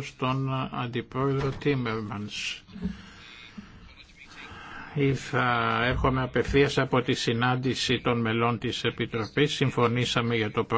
στον ε, Αντιπρόεδρο Τίμερμανς. Ήρθα, έρχομαι απευθείας από τη συνάντηση των μελών της Επιτροπής. Συμφωνήσαμε για το